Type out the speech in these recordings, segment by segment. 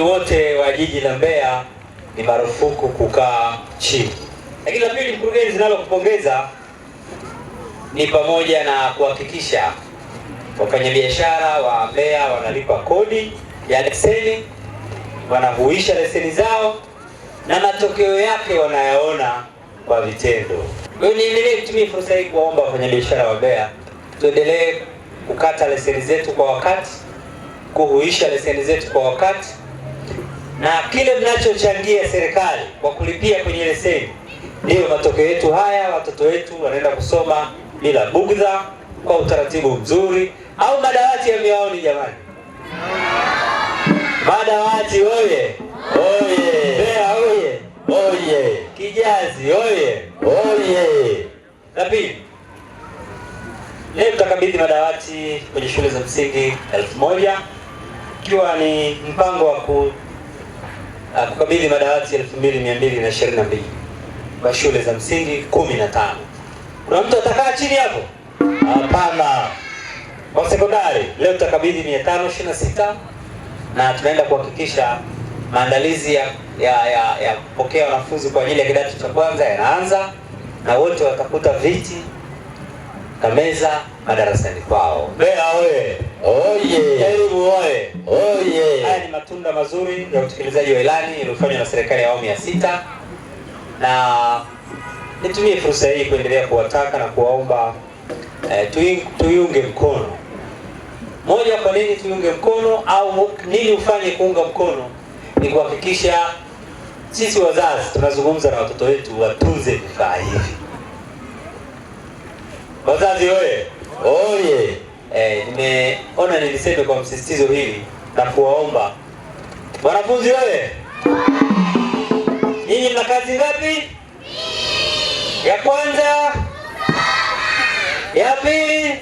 wanafunzi wote wa jiji la Mbeya ni marufuku kukaa chini. Lakini la pili, mkurugenzi, linalokupongeza ni pamoja na kuhakikisha wafanyabiashara wa Mbeya wanalipa kodi ya leseni, wanahuisha leseni zao na matokeo yake wanayaona kwa vitendo. Kwa hiyo niendelee kutumia fursa hii kuwaomba wafanyabiashara wa Mbeya tuendelee kukata leseni zetu kwa wakati, kuhuisha leseni zetu kwa wakati na kile mnachochangia serikali kwa kulipia kwenye leseni, ndiyo matokeo yetu haya. Watoto wetu wanaenda kusoma bila bugdha, kwa utaratibu mzuri. Au madawati ya miaoni, jamani, madawati oye, oye, Mbeya oye, oye, Kijazi oye, oye. La pili, leo tutakabidhi madawati kwenye shule za msingi elfu moja ikiwa ni mpango wa ku Ah, kukabidhi madawati 2222 kwa shule za msingi 15. Kuna mtu atakaa chini hapo? Hapana. Kwa sekondari leo tutakabidhi 526 na tunaenda kuhakikisha maandalizi ya ya ya, ya kupokea wanafunzi kwa ajili ya kidato cha kwanza yanaanza na wote watakuta viti na meza madarasani kwao. Bea wewe. Oye. yeah. Karibu oye. Haya ni matunda mazuri ya utekelezaji wa ilani iliyofanywa na serikali ya awamu ya sita, na nitumie fursa hii kuendelea kuwataka na kuwaomba eh, tuiunge mkono moja. Kwa nini tuiunge mkono au nini ufanye kuunga mkono? Ni kuhakikisha sisi wazazi tunazungumza na watoto wetu watunze vifaa hivi. Wazazi oye nimeona niliseme kwa msisitizo hili na kuwaomba wanafunzi, wewe nyinyi mna kazi ngapi? Ya kwanza, ya pili,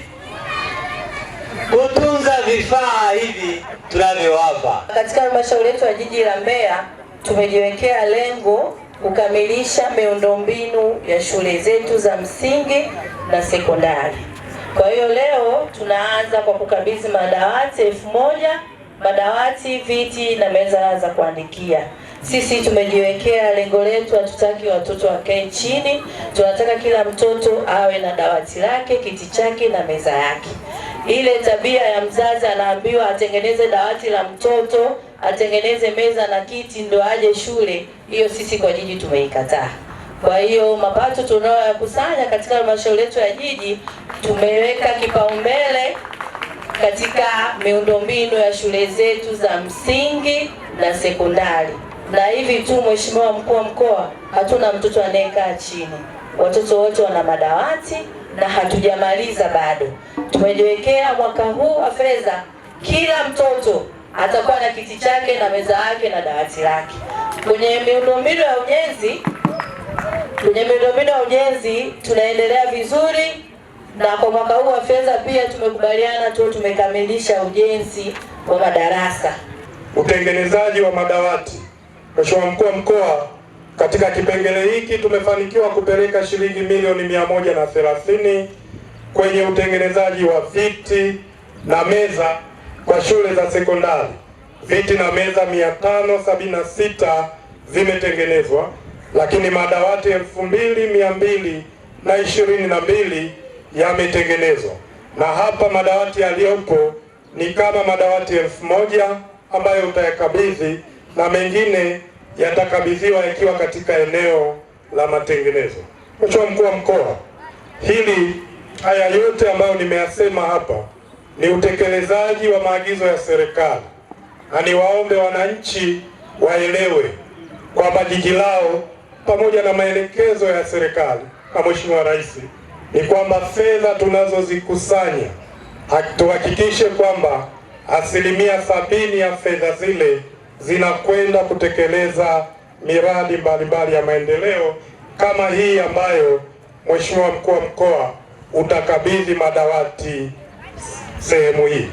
kutunza vifaa hivi tunavyowapa. Katika halmashauri yetu ya jiji la Mbeya tumejiwekea lengo kukamilisha miundombinu ya shule zetu za msingi na sekondari. Kwa hiyo leo tunaanza kwa kukabidhi madawati elfu moja madawati, viti na meza za kuandikia. Sisi tumejiwekea lengo letu, hatutaki watoto wakae chini, tunataka kila mtoto awe na dawati lake, kiti chake na meza yake. Ile tabia ya mzazi anaambiwa atengeneze dawati la mtoto, atengeneze meza na kiti ndio aje shule, hiyo sisi kwa jiji tumeikataa. Kwa hiyo mapato tunayoyakusanya katika halmashauri yetu ya jiji tumeweka kipaumbele katika miundombinu ya shule zetu za msingi na sekondari, na hivi tu, Mheshimiwa Mkuu wa Mkoa, hatuna mtoto anayekaa chini, watoto wote wana madawati na hatujamaliza bado. Tumejiwekea mwaka huu wa fedha, kila mtoto atakuwa na kiti chake na meza yake na dawati lake. Kwenye miundombinu ya ujenzi, kwenye miundombinu ya ujenzi tunaendelea vizuri na kwa mwaka huu wa fedha pia tumekubaliana tu tumekamilisha ujenzi wa madarasa, utengenezaji wa madawati. Mheshimiwa mkuu wa mkoa, katika kipengele hiki tumefanikiwa kupeleka shilingi milioni mia moja na thelathini kwenye utengenezaji wa viti na meza kwa shule za sekondari. Viti na meza mia tano sita zimetengenezwa, lakini madawati elfu mbili mia mbili na ishirini na mbili yametengenezwa, na hapa madawati yaliyoko ni kama madawati elfu moja ambayo utayakabidhi na mengine yatakabidhiwa yakiwa katika eneo la matengenezo. Mheshimiwa Mkuu wa Mkoa, hili haya yote ambayo nimeyasema hapa ni utekelezaji wa maagizo ya serikali, na niwaombe wananchi waelewe kwamba jiji lao pamoja na maelekezo ya serikali na Mheshimiwa Rais ni kwamba fedha tunazozikusanya tuhakikishe kwamba asilimia sabini ya fedha zile zinakwenda kutekeleza miradi mbalimbali ya maendeleo kama hii ambayo Mheshimiwa mkuu wa mkoa utakabidhi madawati sehemu hii.